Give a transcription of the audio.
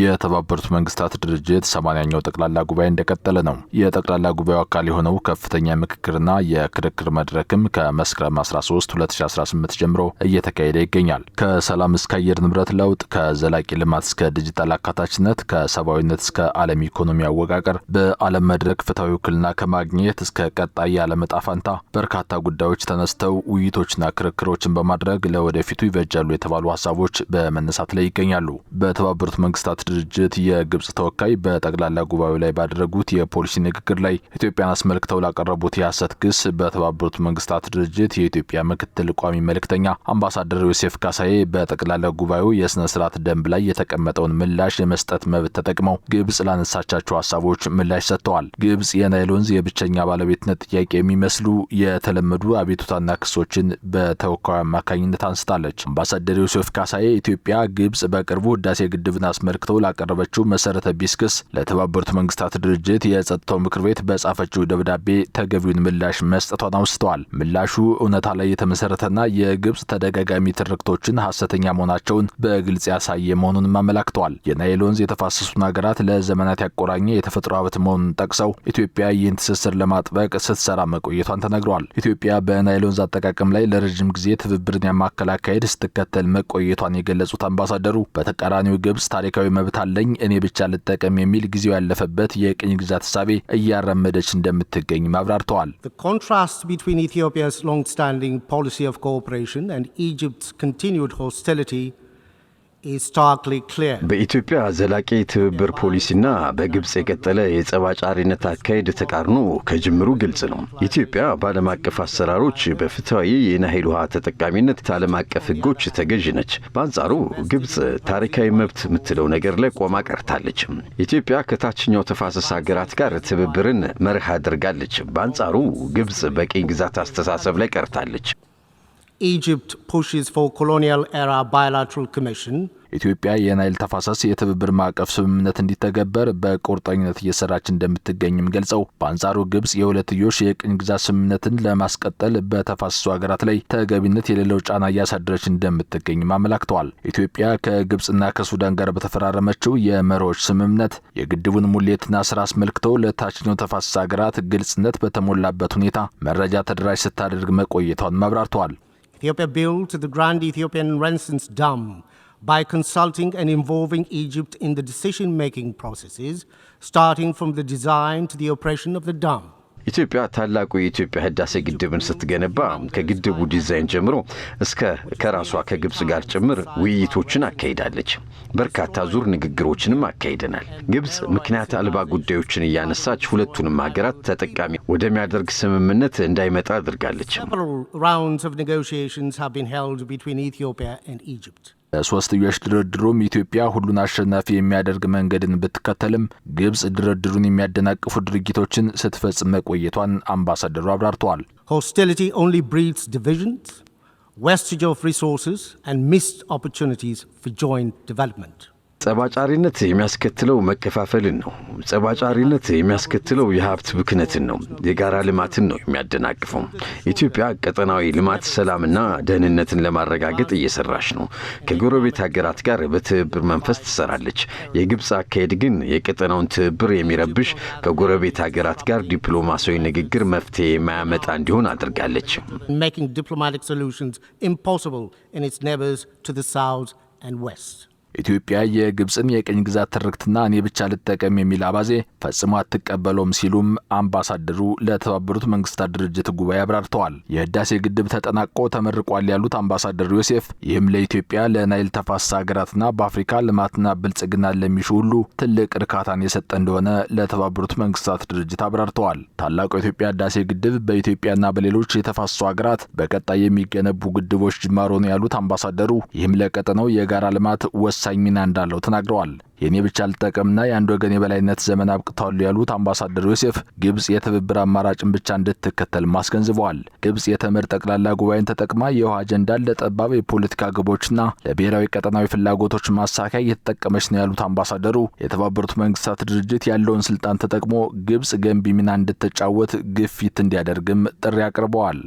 የተባበሩት መንግስታት ድርጅት ሰማንያኛው ጠቅላላ ጉባኤ እንደቀጠለ ነው። የጠቅላላ ጉባኤው አካል የሆነው ከፍተኛ ምክክርና የክርክር መድረክም ከመስከረም 13 2018 ጀምሮ እየተካሄደ ይገኛል። ከሰላም እስከ አየር ንብረት ለውጥ፣ ከዘላቂ ልማት እስከ ዲጂታል አካታችነት፣ ከሰብአዊነት እስከ ዓለም ኢኮኖሚ አወቃቀር፣ በዓለም መድረክ ፍትሐዊ ውክልና ከማግኘት እስከ ቀጣይ የዓለም ዕጣ ፈንታ በርካታ ጉዳዮች ተነስተው ውይይቶችና ክርክሮችን በማድረግ ለወደፊቱ ይበጃሉ የተባሉ ሀሳቦች በመነሳት ላይ ይገኛሉ። በተባበሩት መንግስታት የመንግስታት ድርጅት የግብጽ ተወካይ በጠቅላላ ጉባኤው ላይ ባደረጉት የፖሊሲ ንግግር ላይ ኢትዮጵያን አስመልክተው ላቀረቡት የሐሰት ክስ በተባበሩት መንግስታት ድርጅት የኢትዮጵያ ምክትል ቋሚ መልእክተኛ አምባሳደር ዮሴፍ ካሳዬ በጠቅላላ ጉባኤው የስነ ስርዓት ደንብ ላይ የተቀመጠውን ምላሽ የመስጠት መብት ተጠቅመው ግብጽ ላነሳቻቸው ሀሳቦች ምላሽ ሰጥተዋል። ግብጽ የናይል ወንዝ የብቸኛ ባለቤትነት ጥያቄ የሚመስሉ የተለመዱ አቤቱታና ክሶችን በተወካዩ አማካኝነት አንስታለች። አምባሳደር ዮሴፍ ካሳዬ ኢትዮጵያ ግብጽ በቅርቡ ህዳሴ ግድብን አስመልክተው አስመልክተው ላቀረበችው መሰረተ ቢስ ክስ ለተባበሩት መንግስታት ድርጅት የጸጥታው ምክር ቤት በጻፈችው ደብዳቤ ተገቢውን ምላሽ መስጠቷን አውስተዋል። ምላሹ እውነታ ላይ የተመሰረተና የግብጽ ተደጋጋሚ ትርክቶችን ሀሰተኛ መሆናቸውን በግልጽ ያሳየ መሆኑንም አመላክተዋል። የናይል ወንዝ የተፋሰሱን ሀገራት ለዘመናት ያቆራኘ የተፈጥሮ ሀብት መሆኑን ጠቅሰው ኢትዮጵያ ይህን ትስስር ለማጥበቅ ስትሰራ መቆየቷን ተነግሯል። ኢትዮጵያ በናይል ወንዝ አጠቃቀም ላይ ለረዥም ጊዜ ትብብርን ያማከል አካሄድ ስትከተል መቆየቷን የገለጹት አምባሳደሩ በተቃራኒው ግብጽ ታሪካዊ መ መብት አለኝ እኔ ብቻ ልጠቀም የሚል ጊዜው ያለፈበት የቅኝ ግዛት እሳቤ እያረመደች እንደምትገኝ አብራርተዋል። ኢትዮጵያስ ሎንግ ስታንዲንግ ፖሊሲ ኦፍ ኮኦፕሬሽን ኤንድ ኢጅፕትስ ኮንቲኒድ ሆስቲሊቲ በኢትዮጵያ ዘላቂ ትብብር ፖሊሲና በግብፅ የቀጠለ የጸባጫሪነት አካሄድ ተቃርኖ ከጅምሩ ግልጽ ነው። ኢትዮጵያ በዓለም አቀፍ አሰራሮች በፍትሐዊ የናይል ውሃ ተጠቃሚነት ዓለም አቀፍ ሕጎች ተገዥ ነች። በአንጻሩ ግብፅ ታሪካዊ መብት የምትለው ነገር ላይ ቆማ ቀርታለች። ኢትዮጵያ ከታችኛው ተፋሰስ ሀገራት ጋር ትብብርን መርህ አድርጋለች። በአንጻሩ ግብፅ በቅኝ ግዛት አስተሳሰብ ላይ ቀርታለች። ኢጅፕት ፑሽስ for ኮሎኒያል era bilateral ኮሚሽን ኢትዮጵያ የናይል ተፋሰስ የትብብር ማዕቀፍ ስምምነት እንዲተገበር በቁርጠኝነት እየሰራች እንደምትገኝም ገልጸው፣ በአንጻሩ ግብጽ የሁለትዮሽ የቅኝ ግዛት ስምምነትን ለማስቀጠል በተፋሰሱ ሀገራት ላይ ተገቢነት የሌለው ጫና እያሳደረች እንደምትገኝም አመላክተዋል። ኢትዮጵያ ከግብጽና ከሱዳን ጋር በተፈራረመችው የመሪዎች ስምምነት የግድቡን ሙሌትና ስራ አስመልክቶ ለታችኛው ተፋሰስ ሀገራት ግልጽነት በተሞላበት ሁኔታ መረጃ ተደራሽ ስታደርግ መቆየቷን አብራርተዋል። Ethiopia built the Grand Ethiopian Renaissance Dam by consulting and involving Egypt in the decision-making processes, starting from the design to the operation of the dam. ኢትዮጵያ ታላቁ የኢትዮጵያ ህዳሴ ግድብን ስትገነባ ከግድቡ ዲዛይን ጀምሮ እስከ ከራሷ ከግብፅ ጋር ጭምር ውይይቶችን አካሂዳለች። በርካታ ዙር ንግግሮችንም አካሂደናል። ግብፅ ምክንያት አልባ ጉዳዮችን እያነሳች ሁለቱንም ሀገራት ተጠቃሚ ወደሚያደርግ ስምምነት እንዳይመጣ አድርጋለች። በሶስትዮሽ ድርድሩም ኢትዮጵያ ሁሉን አሸናፊ የሚያደርግ መንገድን ብትከተልም ግብጽ ድርድሩን የሚያደናቅፉ ድርጊቶችን ስትፈጽም መቆየቷን አምባሳደሩ አብራርተዋል። ሆስቲሊቲ ኦንሊ ብሪድስ ዲቪዥንስ ዌስቴጅ ኦፍ ሪሶርስስ አንድ ሚስድ ኦፖርቹኒቲስ ፎር ጆይንት ዲቨሎፕመንት ጸባጫሪነት የሚያስከትለው መከፋፈልን ነው። ጸባጫሪነት የሚያስከትለው የሀብት ብክነትን ነው። የጋራ ልማትን ነው የሚያደናቅፈው። ኢትዮጵያ ቀጠናዊ ልማት፣ ሰላምና ደህንነትን ለማረጋገጥ እየሰራች ነው። ከጎረቤት ሀገራት ጋር በትብብር መንፈስ ትሰራለች። የግብፅ አካሄድ ግን የቀጠናውን ትብብር የሚረብሽ ከጎረቤት ሀገራት ጋር ዲፕሎማሲያዊ ንግግር መፍትሄ የማያመጣ እንዲሆን አድርጋለች። making diplomatic solutions impossible in ኢትዮጵያ የግብፅን የቅኝ ግዛት ትርክትና እኔ ብቻ ልጠቀም የሚል አባዜ ፈጽሞ አትቀበለውም ሲሉም አምባሳደሩ ለተባበሩት መንግስታት ድርጅት ጉባኤ አብራርተዋል። የህዳሴ ግድብ ተጠናቆ ተመርቋል ያሉት አምባሳደሩ ዮሴፍ ይህም ለኢትዮጵያ ለናይል ተፋሰስ ሀገራትና በአፍሪካ ልማትና ብልጽግና ለሚሹ ሁሉ ትልቅ እርካታን የሰጠ እንደሆነ ለተባበሩት መንግስታት ድርጅት አብራርተዋል። ታላቁ የኢትዮጵያ ህዳሴ ግድብ በኢትዮጵያና በሌሎች የተፋሰሱ ሀገራት በቀጣይ የሚገነቡ ግድቦች ጅማሮ ነው ያሉት አምባሳደሩ ይህም ለቀጠነው የጋራ ልማት ወስ ወሳኝ ሚና እንዳለው ተናግረዋል። የእኔ ብቻ ልጠቀምና የአንድ ወገን የበላይነት ዘመን አብቅቷል ያሉት አምባሳደር ዮሴፍ ግብጽ የትብብር አማራጭን ብቻ እንድትከተል ማስገንዝበዋል። ግብጽ የተመድ ጠቅላላ ጉባኤን ተጠቅማ የውሃ አጀንዳን ለጠባብ የፖለቲካ ግቦችና ለብሔራዊ ቀጠናዊ ፍላጎቶች ማሳኪያ እየተጠቀመች ነው ያሉት አምባሳደሩ የተባበሩት መንግስታት ድርጅት ያለውን ስልጣን ተጠቅሞ ግብጽ ገንቢ ሚና እንድትጫወት ግፊት እንዲያደርግም ጥሪ አቅርበዋል።